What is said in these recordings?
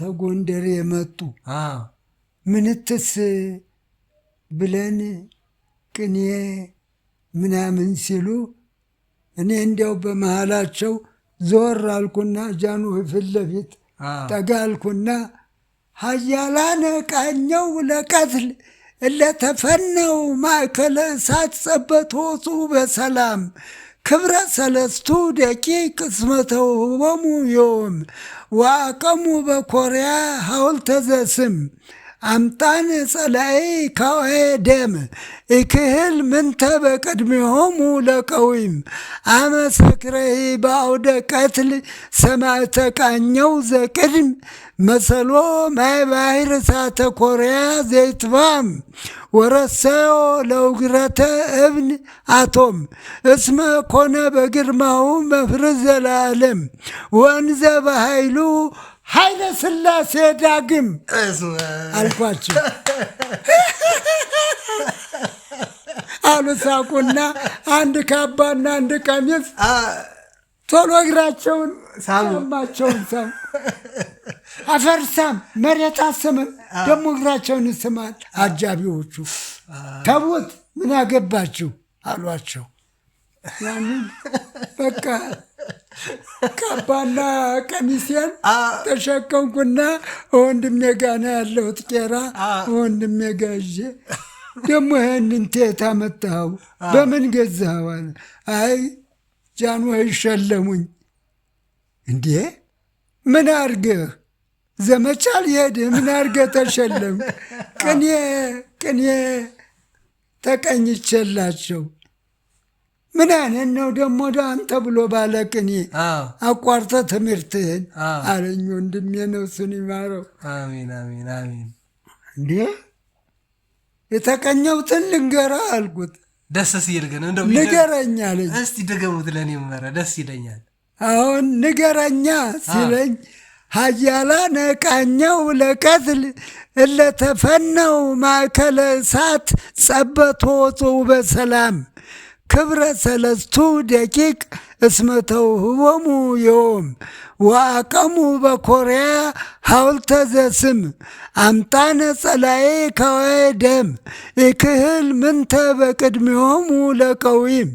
ተጎንደር የመጡ ምንትስ ብለን ቅኔ ምናምን ሲሉ እኔ እንዲያው በመሃላቸው ዞር አልኩና ጃኑ ፊት ለፊት ጠጋ አልኩና ሀያላነ ቃኘው ለቀትል እለተፈነው ማእከለ እሳት ጸበቶ ፁ በሰላም ክብረ ሰለስቱ ደቂቅ እስመ ተውህቦሙ ዮም ወአቀሙ በኮርያ ሐውልተ ዘስም አምጣን ጸላኤ ካውሄ ደም እክህል ምንተ በቅድሚሆሙ ለቀዊም አመሰክረሂ በአውደ ቀትል ሰማዕተ ቃኘው ዘቅድም መሰሎ ማይ ባህር እሳተ ኮርያ ዘይትባም ወረሰዮ ለውግረተ እብን አቶም እስመ ኮነ በግርማው መፍርዝ ዘላለም ወንዘ በሃይሉ ኃይለ ስላሴ ዳግም አልኳቸው አሉ። ሳቁና አንድ ካባና አንድ ቀሚስ ቶሎ እግራቸውን ሳማቸውን ሳም አፈርሳም መሬት አስምን ደግሞ እግራቸውን ይስማል። አጃቢዎቹ ተቡት ምን ያገባችሁ አሏቸው። ያንን በቃ ካባና ቀሚሴን ተሸከምኩና ወንድሜ ጋና ያለሁት ቄራ ወንድሜ ጋዤ ደግሞ ይህንን ቴታ መታኸው በምን ገዛኸው? አለ። አይ ጃንሆይ ሸለሙኝ። እንዴ ምን አርገህ ዘመቻ አልሄድህ? ምን አርገህ ተሸለም? ቅኔ ቅኔ ተቀኝቼላቸው ምን አይነት ነው ደግሞ አንተ ብሎ ባለቅኔ አቋርተ ትምህርትህን አለኝ። ወንድሜ ነፍሱን ይማረው። እንዴ የተቀኘሁትን ልንገርህ አልኩት። ደስ ሲል ግን ንገረኝ አለኝ። እስቲ ድገሙት ለእኔ መረ ደስ ይለኛል። አሁን ንገረኛ ሲለኝ ሀያላ ቃኘው ለቀትል እለተፈነው ማዕከለ እሳት ጸበቶ ወጽኡ በሰላም ክብረ ሰለስቱ ደቂቅ እስመተው ህቦሙ የውም ወአቀሙ በኮሪያ ሐውልተ ዘስም አምጣነ ጸላዬ ካዋዬ ደም ይክህል ምንተ በቅድሚሆሙ ለቀዊም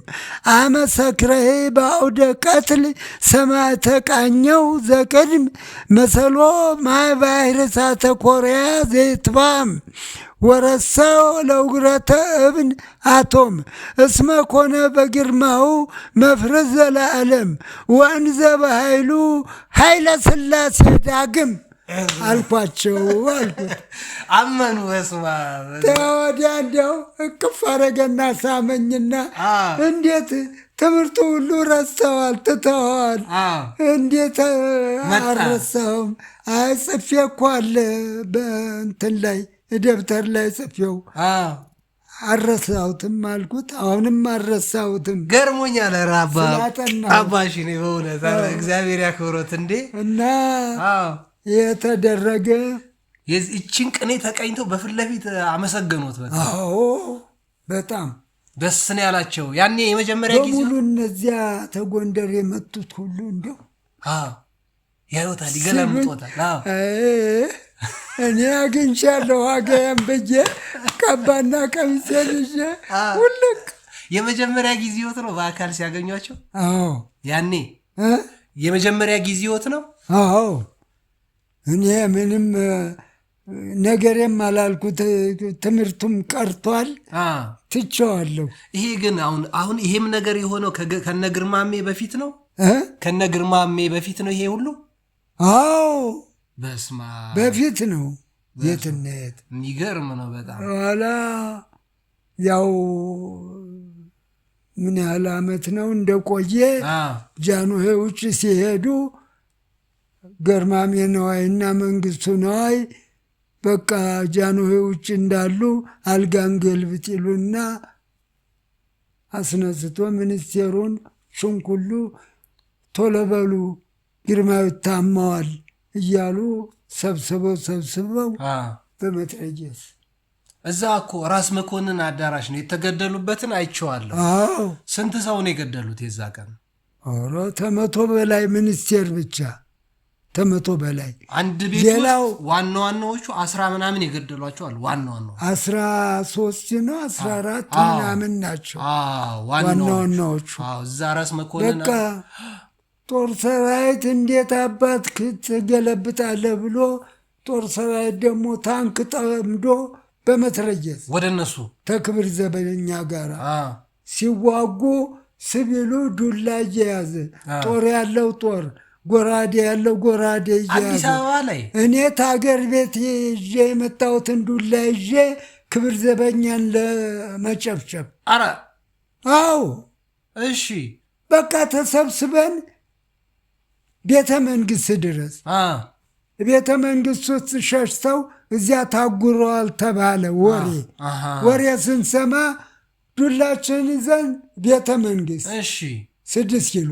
አመሰክረሄ በአውደ ቀትል ሰማዕተ ቃኘው ዘቅድም መሰሎ ማይ ባህር እሳተ ኮሪያ ዘይትባም ወረሳው ለውግረተ እብን አቶም እስመ ኮነ በግርማው መፍረስ ዘለዓለም ወእንዘ በኃይሉ ኃይለ ስላሴ ዳግም አልኳቸው አልኩት። አመኑ። በስመ ወዲያ እንዲያው እቅፍ አረገና ሳመኝና እንዴት ትምህርቱ ሁሉ ረሰዋል ትተዋል። እንዴት አልረሳሁም? አይ ጽፌ እኮ አለ በእንትን ላይ ደብተር ላይ ጽፌው አረሳሁትም አልኩት። አሁንም አረሳሁትም። ገርሞኛል። ኧረ አባሽ በእውነት እግዚአብሔር ያክብሮት እንዴ! እና የተደረገ ይችን ቅኔ ተቀኝቶ በፊት ለፊት አመሰገኑት። አዎ፣ በጣም ደስ ነው ያላቸው። ያኔ የመጀመሪያ ጊዜ ሙሉ እነዚያ ተጎንደር የመጡት ሁሉ እንዲሁ ያዩታል፣ ይገላምጦታል። እኔ አግኝቻለሁ ዋጋዬን ብዬ ቀባና ቀሚሴን ይዤ ውልቅ። የመጀመሪያ ጊዜዎት ነው በአካል ሲያገኟቸው? አዎ። ያኔ የመጀመሪያ ጊዜዎት ነው? አዎ። እኔ ምንም ነገሬም አላልኩት። ትምህርቱም ቀርቷል፣ ትቼዋለሁ። ይሄ ግን አሁን አሁን ይሄም ነገር የሆነው ከነ ግርማሜ በፊት ነው። ከነ ግርማሜ በፊት ነው ይሄ ሁሉ? አዎ በፊት ነው የትነት የሚገርም ነው በጣም ኋላ ያው ምን ያህል አመት ነው እንደቆየ ውጭ ሲሄዱ ገርማሜ ነዋይ እና መንግስቱ ነዋይ በቃ ውጭ እንዳሉ አልጋን ገልብጥ ይሉና አስነስቶ ሚኒስቴሩን ሽንኩሉ ቶሎ በሉ ግርማዊ ታማዋል እያሉ ሰብስበው ሰብስበው በመትረየስ እዛ እኮ ራስ መኮንን አዳራሽ ነው የተገደሉበትን አይቼዋለሁ። ስንት ሰው ነው የገደሉት የዛ ቀን? ኧረ ከመቶ በላይ ሚኒስቴር ብቻ ተመቶ በላይ አንድ ቤት። ሌላው ዋና ዋናዎቹ አስራ ምናምን የገደሏቸው አሉ። ዋና ዋና አስራ ሶስት ነው አስራ አራት ምናምን ናቸው ዋና ዋናዎቹ እዛ ራስ መኮንን በቃ ጦር ሰራዊት እንዴት አባት ትገለብጣለህ ብሎ ጦር ሰራዊት ደግሞ ታንክ ጠምዶ በመትረየስ ወደ እነሱ ተክብር ዘበኛ ጋር ሲዋጉ ሲቪሉ ዱላ እየያዘ ጦር ያለው ጦር ጎራዴ ያለው ጎራዴ እያያዘ እኔ ታገር ቤት ይዤ የመጣሁትን ዱላ ይዤ ክብር ዘበኛን ለመጨብጨብ። አረ አዎ፣ እሺ፣ በቃ ተሰብስበን ቤተ መንግስት ድረስ ቤተ መንግስት ውስጥ ሸሽተው እዚያ ታጉረዋል ተባለ። ወሬ ወሬ ስንሰማ ዱላችን ይዘን ቤተ መንግስት ስድስት ኪሎ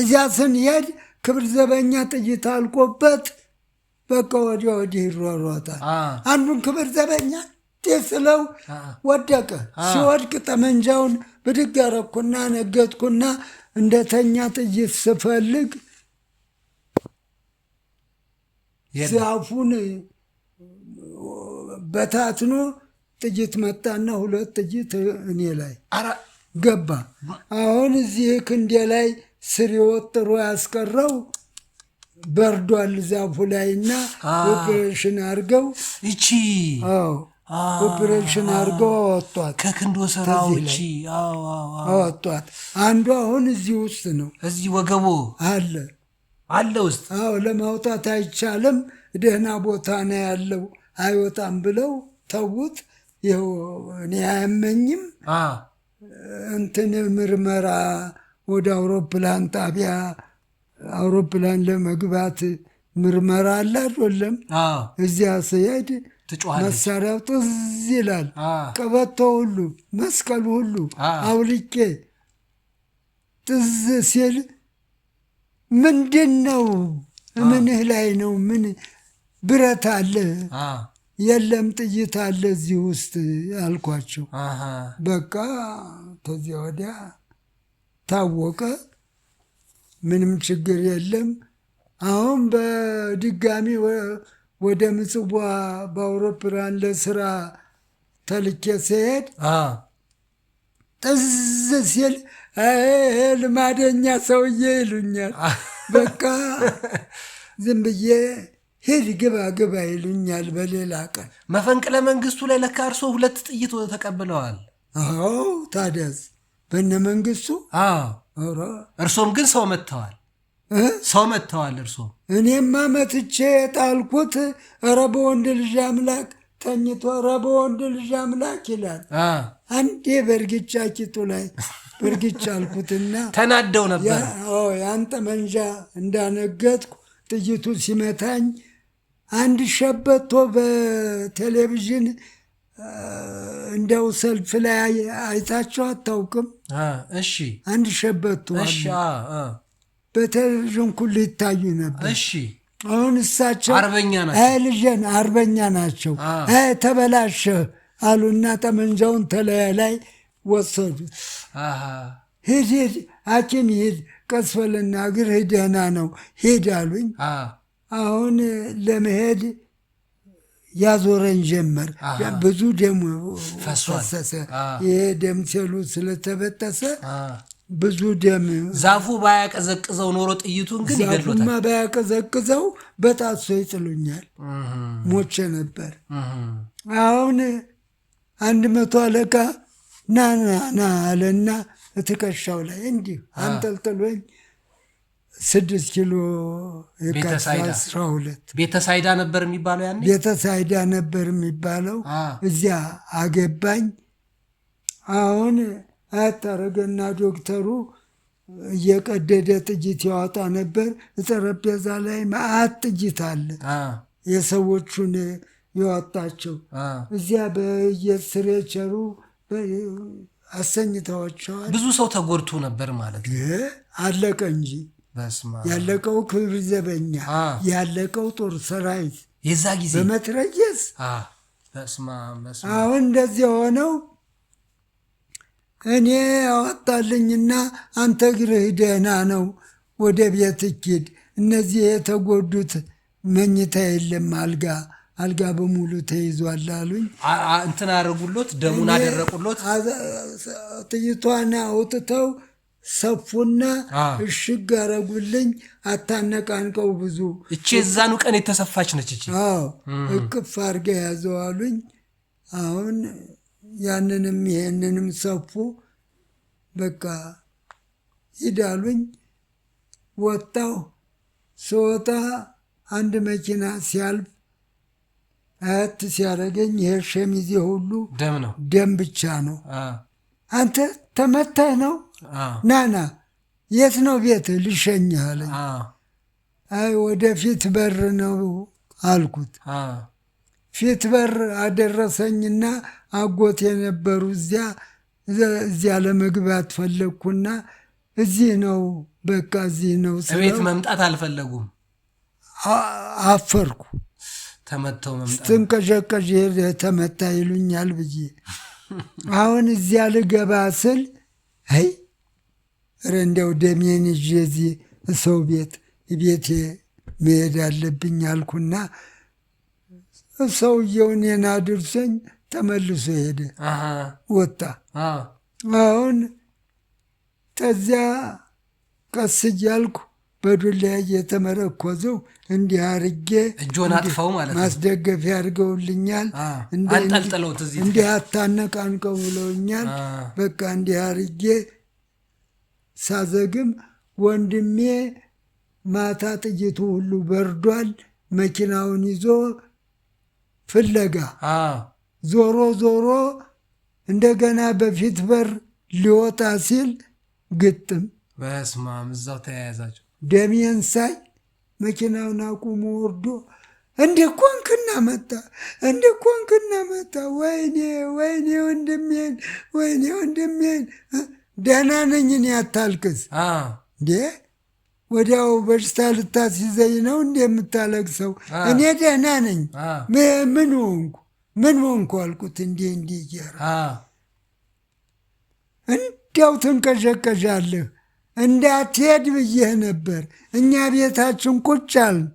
እዚያ ስንሄድ ክብር ዘበኛ ጥይት አልቆበት በቃ ወዲያ ወዲህ ይሯሯታል። አንዱን ክብር ዘበኛ ስለው ወደቀ። ሲወድቅ ጠመንጃውን ብድግ ያረኩና ነገጥኩና እንደ ተኛ ጥይት ስፈልግ ዛፉን በታትኖ ጥይት መጣና ሁለት ጥይት እኔ ላይ ገባ። አሁን እዚህ ክንዴ ላይ ስር ወጥሮ ያስቀረው በርዷል ዛፉ ላይና ኦፕሬሽን አድርገው ይቺ ኦፕሬሽን አድርጎ አወጧት። ከክንዶ ስራ ውጪ አወጧት። አንዱ አሁን እዚህ ውስጥ ነው፣ እዚህ ወገቦ አለ አለ ውስጥ። አዎ ለማውጣት አይቻልም፣ ደህና ቦታ ነው ያለው፣ አይወጣም ብለው ተዉት። ይኸው እኔ አያመኝም። እንትን ምርመራ ወደ አውሮፕላን ጣቢያ አውሮፕላን ለመግባት ምርመራ አለ አይደለም? እዚያ ስሄድ መሳሪያው ጥዝ ይላል። ቀበቶ ሁሉ መስቀሉ ሁሉ አውልቄ ጥዝ ሲል ምንድን ነው? ምንህ ላይ ነው? ምን ብረት አለ? የለም ጥይት አለ እዚህ ውስጥ አልኳቸው። በቃ ከዚያ ወዲያ ታወቀ። ምንም ችግር የለም። አሁን በድጋሚ ወደ ምጽዋ በአውሮፕላን ለስራ ተልኬ ስሄድ ጥዝ ሲል ልማደኛ ሰውዬ ይሉኛል። በቃ ዝም ብዬ ሂድ ግባ ግባ ይሉኛል። በሌላ ቀን መፈንቅለ መንግስቱ ላይ ለካ እርሶ ሁለት ጥይት ተቀብለዋል። አዎ ታዲያስ፣ በነ መንግስቱ እርሶም ግን ሰው መጥተዋል። ሰው መጥተዋል። እርሶ እኔማ መትቼ የጣልኩት ኧረ በወንድ ልጅ አምላክ ተኝቶ ኧረ በወንድ ልጅ አምላክ ይላል። አንዴ በእርግጫ ኪቱ ላይ በእርግጫ አልኩትና ተናደው ነበር። ያን ጠመንጃ እንዳነገጥኩ ጥይቱ ሲመታኝ አንድ ሸበቶ በቴሌቪዥን እንደው ሰልፍ ላይ አይታቸው አታውቅም? እሺ አንድ ሸበቶ በቴሌቪዥን ኩል ይታዩ ነበር። እሺ አሁን እሳቸው ልጄን አርበኛ ናቸው ተበላሸ አሉና ጠመንጃውን ተለያ ላይ ወሰዱት። ሂድ ሂድ ሐኪም ሂድ ቀስፈልና እግር ደህና ነው ሂድ አሉኝ። አሁን ለመሄድ ያዞረኝ ጀመር። ብዙ ደም ፈሰሰ። ይሄ ደም ሴሉ ስለተበጠሰ ብዙ ደም ዛፉ ባያቀዘቅዘው ኖሮ ጥይቱን ግን ይገድሎታል። ባያቀዘቅዘው በጣሶ ይጥሉኛል፣ ሞቼ ነበር። አሁን አንድ መቶ አለቃ ናናና አለና ትከሻው ላይ እንዲህ አንጠልጥሎኝ ስድስት ኪሎ አስራ ሁለት ቤተሳይዳ ነበር የሚባለው ያኔ ቤተሳይዳ ነበር የሚባለው እዚያ አገባኝ አሁን አያታረገና ዶክተሩ እየቀደደ ጥጅት ያወጣ ነበር። ጠረጴዛ ላይ መዓት ጥጅት አለ። የሰዎቹን ያወጣቸው እዚያ በየስሬቸሩ አሰኝተዋቸዋል። ብዙ ሰው ተጎድቶ ነበር ማለት አለቀ እንጂ ያለቀው ክብር ዘበኛ ያለቀው ጦር ሰራዊት የዛ ጊዜ በመትረየስ አሁን እንደዚህ ሆነው እኔ አወጣልኝና አንተ እግርህ ደህና ነው፣ ወደ ቤት እኪድ። እነዚህ የተጎዱት መኝታ የለም አልጋ አልጋ በሙሉ ተይዟል አሉኝ። እንትን አደረጉሎት፣ ደሙን አደረቁሎት። ጥይቷን አውጥተው ሰፉና እሽግ አረጉልኝ። አታነቃንቀው ብዙ እቺ የዛኑ ቀን የተሰፋች ነች። እቺ እቅፍ አርጋ ያዘዋሉኝ አሁን ያንንም ይሄንንም ሰፉ። በቃ ሂዳሉኝ ወጣሁ። ስወጣ አንድ መኪና ሲያልፍ አያት ሲያደርገኝ ይሄ ሸሚዜ ሁሉ ደም ነው፣ ደም ብቻ ነው። አንተ ተመታህ ነው? ናና የት ነው ቤት ልሸኝህ አለኝ። አይ ወደፊት በር ነው አልኩት። ፊት በር አደረሰኝና አጎት የነበሩ እዚያ እዚያ ለመግባት ፈለግኩና እዚህ ነው በቃ እዚህ ነው። ቤት መምጣት አልፈለጉም። አፈርኩ። ተመተው መምጣት ስትንቀዠቀዥ ተመታ ይሉኛል ብዬ አሁን እዚያ ልገባ ስል ይ እንደው ደሜን ይዤ እዚህ ሰው ቤት ቤቴ መሄድ አለብኝ አልኩና ሰውየውን የናድርሰኝ ተመልሶ ሄደ፣ ወጣ። አሁን ከዚያ ቀስ እያልኩ በዱላ እየተመረኮዘው እንዲህ አርጌ እጆን አጥፈው ማለት ማስደገፊያ አድርገውልኛል። እንዲህ አታነቃንቀው ብለውኛል። በቃ እንዲህ አርጌ ሳዘግም ወንድሜ ማታ ጥይቱ ሁሉ በርዷል። መኪናውን ይዞ ፍለጋ ዞሮ ዞሮ እንደገና በፊት በር ሊወጣ ሲል ግጥም በስማም እዛው ተያያዛቸው። ደሜን ሳይ መኪናውን አቁሞ ወርዶ እንደ ኮንክና መጣ እንደ ኮንክና መጣ። ወይኔ ወይኔ ወንድሜን ወይኔ ወንድሜን፣ ደህና ነኝን ያታልቅስ እንዴ ወዲያው በሽታ ልታስይዘኝ ነው እንደ የምታለቅሰው? እኔ ደህና ነኝ። ምን ሆንኩ ምን ሆንኩ አልኩት። እንዲህ እንዲህ እያለ እንዲያው ትንቀዠቀዣለህ እንዳትሄድ ብዬህ ነበር። እኛ ቤታችን ቁጭ አልን።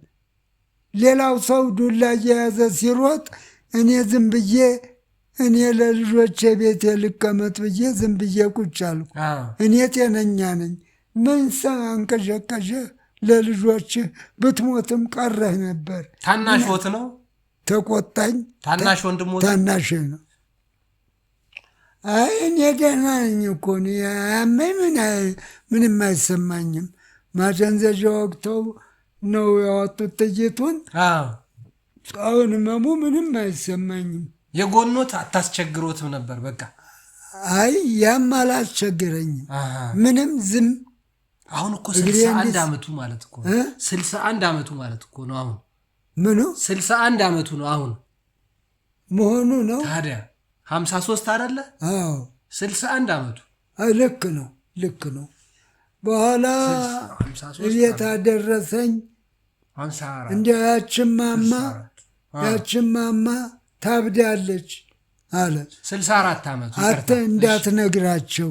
ሌላው ሰው ዱላ እየያዘ ሲሮጥ፣ እኔ ዝም ብዬ እኔ ለልጆቼ ቤቴ ልቀመጥ ብዬ ዝም ብዬ ቁጭ አልኩ። እኔ ጤነኛ ነኝ። ምን አንቀዠቀዠ ለልጆች ብትሞትም ቀረህ ነበር። ታናሽ ወት ነው ተቆጣኝ። ታናሽ ወንድሞ ታናሽ ነው። አይ እኔ ደህና ነኝ እኮ ያመኝ ምንም አይሰማኝም። ማደንዘዣ ወቅተው ነው ያወጡት ጥይቱን። አሁን ህመሙ ምንም አይሰማኝም። የጎኖት አታስቸግሮትም ነበር? በቃ አይ ያም አላስቸግረኝም ምንም ዝም አሁን እኮ ስልሳ አንድ ዓመቱ ማለት እኮ ስልሳ አንድ ዓመቱ ማለት እኮ ነው። አሁን ምኑ ስልሳ አንድ ዓመቱ ነው አሁን መሆኑ ነው። ታዲያ ሀምሳ ሶስት አደለ? አዎ ስልሳ አንድ ዓመቱ ልክ ነው፣ ልክ ነው። በኋላ እቤት አደረሰኝ። እንዲያው ያችን ማማ ታብዳለች አለ። ስልሳ አራት ዓመቱ አንተ እንዳትነግራቸው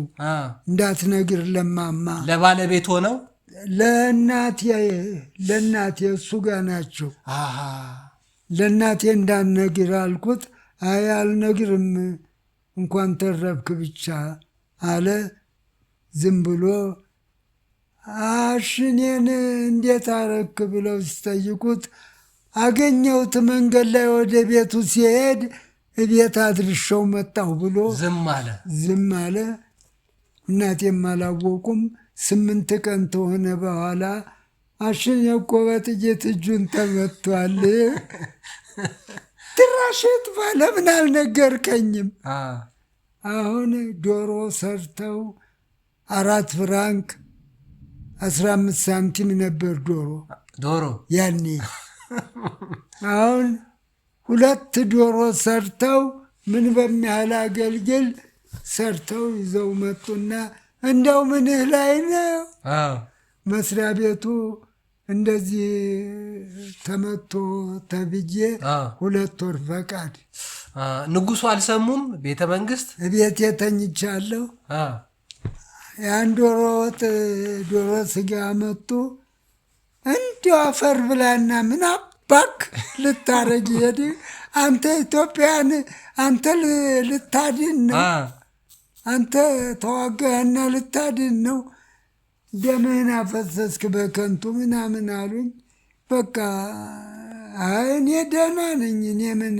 እንዳትነግር ለማማ ለባለቤት ሆነው ለእናቴ ለእናቴ እሱ ጋር ናቸው። ለእናቴ እንዳትነግር አልኩት። አይ አልነግርም እንኳን ተረብክ ብቻ አለ። ዝም ብሎ አሽኔን እንዴት አረክ ብለው ሲጠይቁት አገኘሁት መንገድ ላይ ወደ ቤቱ ሲሄድ እቤት አድርሻው መጣሁ ብሎ ዝም አለ ዝም አለ። እናቴም አላወቁም። ስምንት ቀን ተሆነ በኋላ አሽን እኮ በጥይት እጁን ተመቷል። ድራሽት ባለ ምን አልነገርከኝም? አሁን ዶሮ ሰርተው አራት ፍራንክ አስራ አምስት ሳንቲም ነበር ዶሮ ዶሮ ያኔ አሁን ሁለት ዶሮ ሰርተው ምን በሚያህል አገልግል ሰርተው ይዘው መጡና እንደው ምንህ ላይ ነው መስሪያ ቤቱ እንደዚህ ተመቶ ተብዬ ሁለት ወር ፈቃድ ንጉሱ አልሰሙም። ቤተ መንግስት ቤት የተኝቻለሁ። ያን ዶሮ ወጥ ዶሮ ስጋ መጡ እንዲ አፈር ብላና ምናም ባክ ልታረጅ ሄድ አንተ ኢትዮጵያን አንተ ልታድን ነው። አንተ ተዋጋህና ልታድን ነው። ደምህን አፈሰስክ በከንቱ ምናምን አሉኝ። በቃ እኔ ደህና ነኝ። እኔ ምን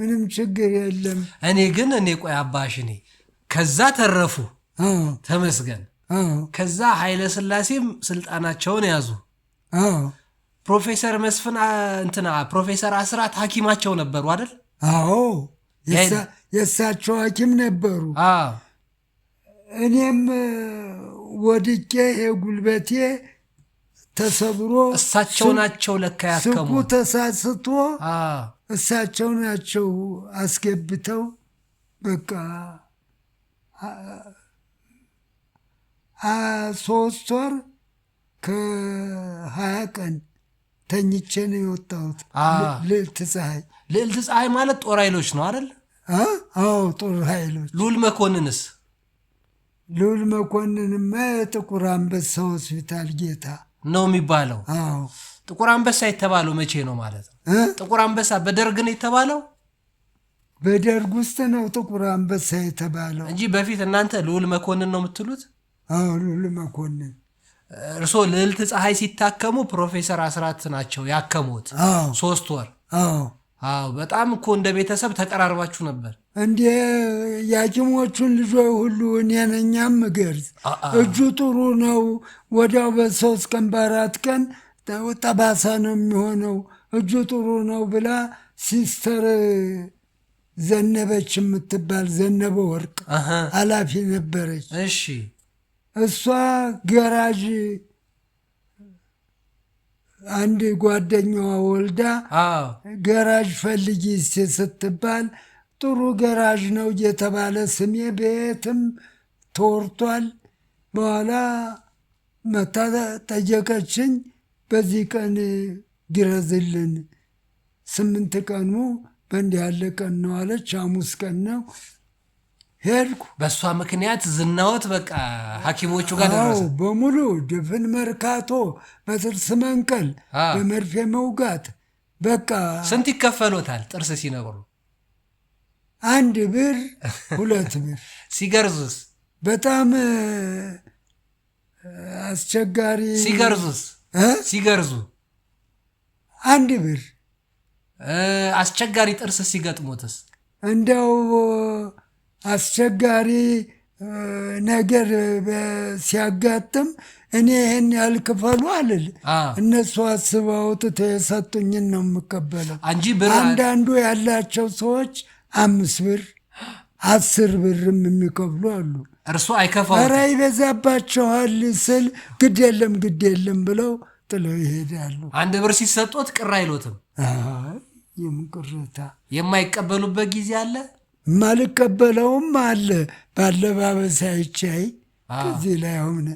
ምንም ችግር የለም። እኔ ግን እኔ ቆይ አባሽኔ ከዛ ተረፉ ተመስገን። ከዛ ኃይለ ስላሴም ስልጣናቸውን ያዙ። ፕሮፌሰር መስፍን እንትና ፕሮፌሰር አስራት ሐኪማቸው ነበሩ አይደል? አዎ የእሳቸው ሐኪም ነበሩ። እኔም ወድቄ ጉልበቴ ተሰብሮ እሳቸው ናቸው ለካ ያከሙ። ተሳስቶ እሳቸው ናቸው አስገብተው በቃ ሶስት ወር ከሀያ ቀን ተኝቼ ነው የወጣሁት። ልዕልት ፀሐይ ልዕልት ፀሐይ ማለት ጦር ኃይሎች ነው አይደል? አዎ ጦር ኃይሎች። ልዑል መኮንንስ? ልዑል መኮንንማ የጥቁር አንበሳ ሆስፒታል ጌታ ነው የሚባለው። ጥቁር አንበሳ የተባለው መቼ ነው ማለት ነው? ጥቁር አንበሳ በደርግ ነው የተባለው። በደርግ ውስጥ ነው ጥቁር አንበሳ የተባለው እንጂ በፊት እናንተ ልዑል መኮንን ነው የምትሉት? አዎ ልዑል መኮንን እርስዎ ልዕልት ፀሐይ ሲታከሙ ፕሮፌሰር አስራት ናቸው ያከሙት። ሶስት ወር አዎ፣ በጣም እኮ እንደ ቤተሰብ ተቀራርባችሁ ነበር። እንደ የሐኪሞቹን ልጆ ሁሉ እኔ ነኝ የምገርዝ። እጁ ጥሩ ነው። ወዲያው በሶስት ቀን በአራት ቀን ጠባሳ ነው የሚሆነው። እጁ ጥሩ ነው ብላ ሲስተር ዘነበች የምትባል ዘነበ ወርቅ ኃላፊ ነበረች። እሺ እሷ ገራዥ አንድ ጓደኛዋ ወልዳ ገራዥ ፈልጊ ስትባል ጥሩ ገራዥ ነው የተባለ ስሜ ቤትም ተወርቷል። በኋላ መታ ጠየቀችኝ። በዚህ ቀን ግረዝልን፣ ስምንት ቀኑ በእንዲህ ያለ ቀን ነው አለች። ሐሙስ ቀን ነው። ሄድኩ። በእሷ ምክንያት ዝናወት በቃ ሐኪሞቹ ጋር ደረሰ በሙሉ ድፍን መርካቶ፣ በጥርስ መንቀል፣ በመርፌ መውጋት በቃ ስንት ይከፈሎታል? ጥርስ ሲነቅሉ አንድ ብር ሁለት ብር ሲገርዙስ በጣም አስቸጋሪ ሲገርዙስ ሲገርዙ አንድ ብር አስቸጋሪ ጥርስ ሲገጥሙትስ እንዲያው አስቸጋሪ ነገር ሲያጋጥም እኔ ይህን ያልክፈሉ አልል። እነሱ አስበውት የሰጡኝን ነው የምቀበለው። አንዳንዱ ያላቸው ሰዎች አምስት ብር አስር ብርም የሚከፍሉ አሉ። እርሱ አይከፋ ኧረ ይበዛባቸዋል ስል ግድ የለም ግድ የለም ብለው ጥለው ይሄዳሉ። አንድ ብር ሲሰጡት ቅር አይሎትም። ይህም ቅርታ የማይቀበሉበት ጊዜ አለ። ማልቀበለውም አለ ባለባበስ አይቻይ ከዚህ ላይ አሁን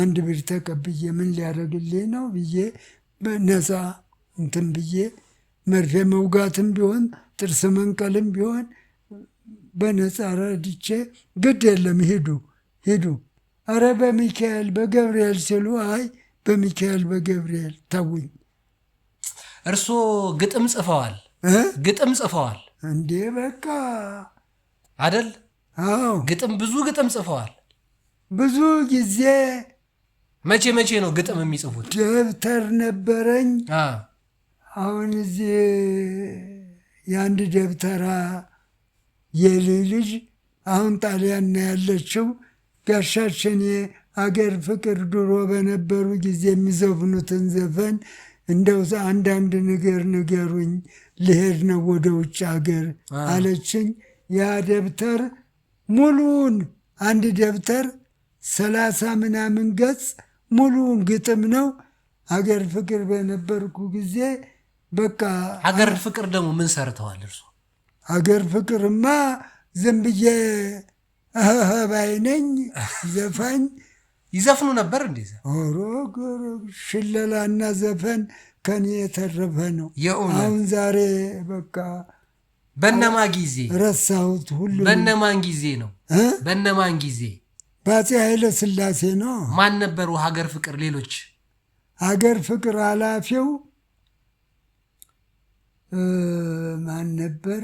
አንድ ብር ተቀብዬ ምን ሊያደርግልኝ ነው ብዬ ነፃ እንትን ብዬ መርፌ መውጋትም ቢሆን ጥርስ መንቀልም ቢሆን በነፃ ረድቼ ግድ የለም ሂዱ ሂዱ፣ አረ በሚካኤል በገብርኤል ሲሉ አይ በሚካኤል በገብርኤል ተውኝ። እርስዎ ግጥም ጽፈዋል፣ ግጥም ጽፈዋል እንዴ በቃ አደል? ግጥም ብዙ ግጥም ጽፈዋል። ብዙ ጊዜ መቼ መቼ ነው ግጥም የሚጽፉት? ደብተር ነበረኝ። አሁን እዚህ የአንድ ደብተራ የሌ ልጅ አሁን ጣሊያን ነው ያለችው። ጋሻችን የአገር ፍቅር ድሮ በነበሩ ጊዜ የሚዘፍኑትን ዘፈን እንደው አንዳንድ ነገር ንገሩኝ፣ ልሄድ ነው ወደ ውጭ ሀገር አለችኝ። ያ ደብተር ሙሉውን አንድ ደብተር ሰላሳ ምናምን ገጽ ሙሉውን ግጥም ነው። ሀገር ፍቅር በነበርኩ ጊዜ በቃ ሀገር ፍቅር ደግሞ ምን ሰርተዋል እርሱ? ሀገር ፍቅርማ ዝም ብዬ ባይ ነኝ ዘፋኝ ይዘፍኑ ነበር። እንዴ ሽለላና ዘፈን ከኔ የተረፈ ነው። አሁን ዛሬ በቃ በነማ ጊዜ ረሳሁት። ሁሉ በነማን ጊዜ ነው? በነማን ጊዜ? በአፄ ኃይለ ስላሴ ነው። ማን ነበሩ ሀገር ፍቅር ሌሎች? ሀገር ፍቅር ኃላፊው ማን ነበር?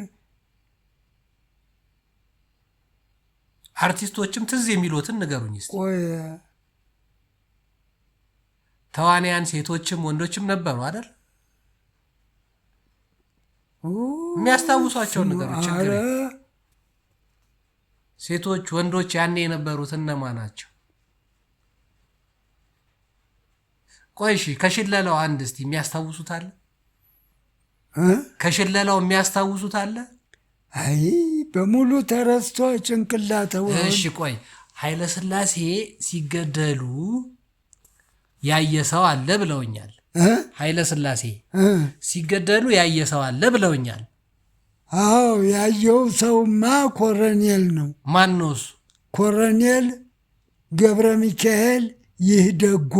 አርቲስቶችም ትዝ የሚሉትን ንገሩኝ እስኪ። ተዋንያን ሴቶችም ወንዶችም ነበሩ አይደል? የሚያስታውሷቸው ነገሮች ችግር ሴቶች ወንዶች ያኔ የነበሩት እነማ ናቸው? ቆይ እሺ፣ ከሽለላው አንድ እስቲ የሚያስታውሱት አለ? ከሽለላው የሚያስታውሱት አለ? አይ በሙሉ ተረስቶ ጭንቅላተው። እሺ ቆይ ኃይለስላሴ ሲገደሉ ያየ ሰው አለ ብለውኛል። ኃይለ ሥላሴ ሲገደሉ ያየ ሰው አለ ብለውኛል። አዎ ያየው ሰውማ ኮረኔል ነው። ማን ነው እሱ? ኮረኔል ገብረ ሚካኤል ይህ ደጎ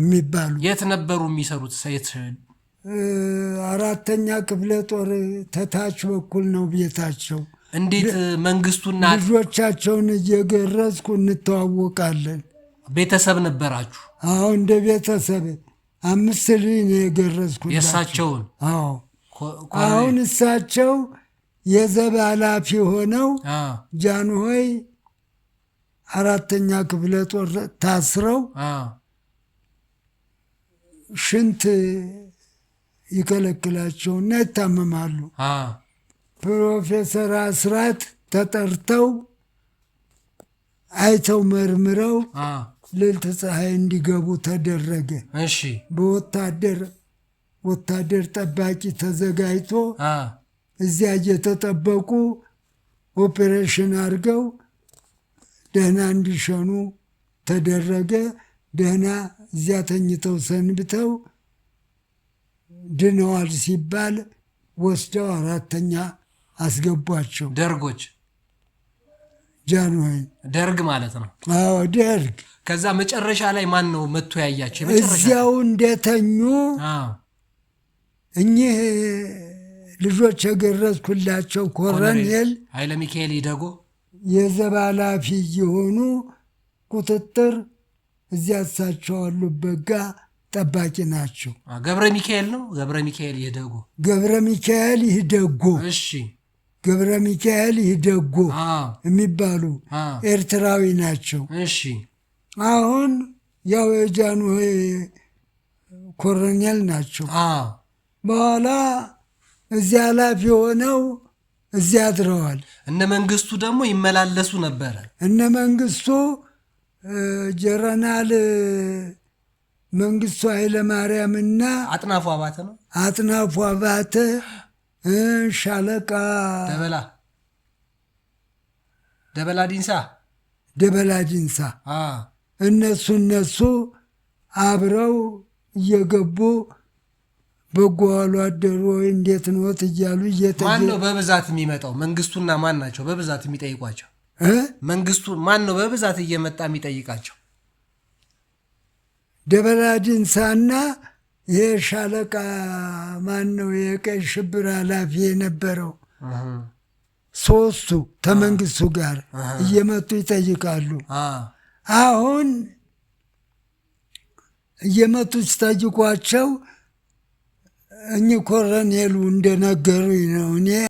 የሚባሉ የት ነበሩ የሚሰሩት? ሴት አራተኛ ክፍለ ጦር ተታች በኩል ነው ቤታቸው። እንዴት መንግስቱና ልጆቻቸውን እየገረዝኩ እንተዋወቃለን። ቤተሰብ ነበራችሁ? አዎ እንደ ቤተሰብ አምስት ልጅ የገረዝኩ የእሳቸውን። አሁን እሳቸው የዘብ ኃላፊ ሆነው ጃንሆይ አራተኛ ክፍለ ጦር ታስረው ሽንት ይከለክላቸውና ይታመማሉ። ፕሮፌሰር አስራት ተጠርተው አይተው መርምረው ልዕልት ፀሐይ እንዲገቡ ተደረገ። እሺ በወታደር ወታደር ጠባቂ ተዘጋጅቶ እዚያ እየተጠበቁ ኦፕሬሽን አድርገው ደህና እንዲሸኑ ተደረገ። ደህና እዚያ ተኝተው ሰንብተው ድነዋል ሲባል ወስደው አራተኛ አስገቧቸው ደርጎች ጃንሆይ ደርግ ማለት ነው። አዎ ደርግ። ከዛ መጨረሻ ላይ ማን ነው መጥቶ ያያቸው? እዚያው እንደተኙ እኚህ ልጆች የገረዝኩላቸው ኮረኔል ኃይለ ሚካኤል ይደጎ የዘብ ኃላፊ የሆኑ ቁጥጥር እዚያ እሳቸው አሉበት ጋ ጠባቂ ናቸው። ገብረ ሚካኤል ነው። ገብረ ሚካኤል ይደጎ ገብረ ሚካኤል ይደጎ እሺ ገብረ ሚካኤል ይደጎ የሚባሉ ኤርትራዊ ናቸው። አሁን ያው የጃን ኮሎኔል ናቸው። በኋላ እዚያ ኃላፊ ሆነው እዚያ አድረዋል። እነ መንግስቱ ደግሞ ይመላለሱ ነበረ። እነ መንግስቱ ጀረናል መንግስቱ ኃይለማርያምና አጥናፉ አባተ ነው አጥናፉ አባተ ሻለቃ ደበላ ደበላ ዲንሳ ደበላ ዲንሳ እነሱ እነሱ አብረው እየገቡ በጎ ዋሉ አደሩ እንዴት ኖት እያሉ ማን ነው በብዛት የሚመጣው? መንግስቱና ማን ናቸው በብዛት የሚጠይቋቸው? መንግስቱ ማን ነው በብዛት እየመጣ የሚጠይቃቸው? ደበላ ዲንሳና የሻለቃ ማን ነው የቀይ ሽብር ኃላፊ የነበረው ሶስቱ ከመንግስቱ ጋር እየመጡ ይጠይቃሉ። አሁን እየመጡ ሲጠይቋቸው እኚህ ኮረኔሉ እንደነገሩኝ ነው እኔ